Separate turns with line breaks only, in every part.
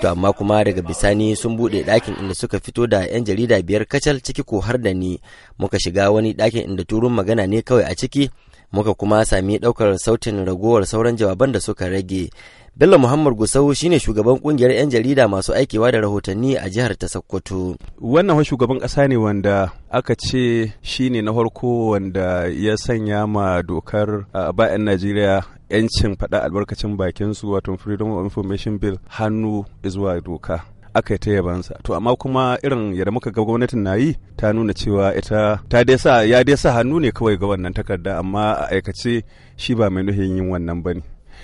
To amma kuma daga bisani sun buɗe ɗakin inda suka fito da 'yan jarida biyar kacal ciki ko har da ni muka shiga wani ɗakin inda turun magana ne kawai a ciki muka kuma sami ɗaukar sautin ragowar sauran jawaban da suka rage. Bello Muhammad Gusau shine shugaban kungiyar 'yan jarida masu aikewa da rahotanni a jihar ta Sokoto. Wannan shugaban
ƙasa ne wanda aka ce shine na farko wanda ya sanya ma dokar a bayan Najeriya 'yancin faɗa albarkacin bakin su wato freedom of information bill hannu zuwa doka aka yi ta yabansa to amma kuma irin yadda muka ga gwamnatin na yi ta nuna cewa ita ta dai sa ya dai sa hannu ne kawai ga wannan takarda amma a aikace shi ba mai nuhin yin wannan bane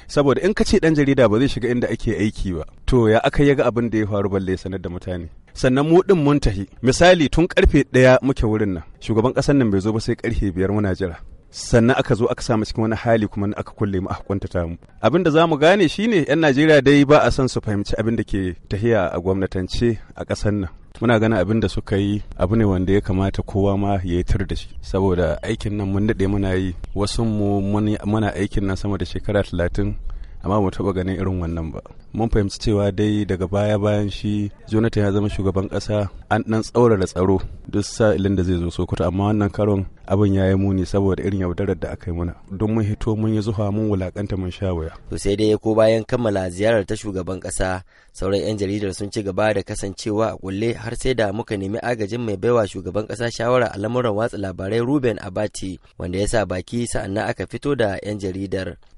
saboda in ka ce dan jarida ba zai shiga inda ake aiki ba to ya aka yaga abin da ya faru balle sanar da mutane sannan mu din mun tahi misali tun karfe daya muke wurin nan shugaban kasar nan bai zo ba sai karfe biyar muna jira sannan aka zo aka samu cikin wani hali kuma aka kulle mu aka kwantata mu abin da zamu gane shine yan Najeriya dai ba a son su fahimci abin da ke tahiya a gwamnatance a ƙasar nan muna ganin abin da suka yi abu ne wanda ya kamata kowa ma ya yi da shi saboda aikin nan mun daɗe muna yi wasu mu muna aikin nan sama da shekara talatin amma mu taɓa ganin irin wannan ba mun fahimci cewa dai daga baya bayan shi jonathan ya zama shugaban ƙasa an ɗan tsaurara tsaro duk sa'ilin da zai zo sokoto amma wannan karon abin ya yi muni saboda irin yaudarar da aka yi muna don mun hito mun yi zuwa mun wulakanta mun sha waya.
to sai dai ko bayan kammala ziyarar ta shugaban ƙasa sauran 'yan jaridar sun ci gaba da kasancewa a kulle har sai da muka nemi agajin mai baiwa shugaban ƙasa shawara a lamuran watsa labarai ruben abati wanda ya sa baki sa'an aka fito da 'yan jaridar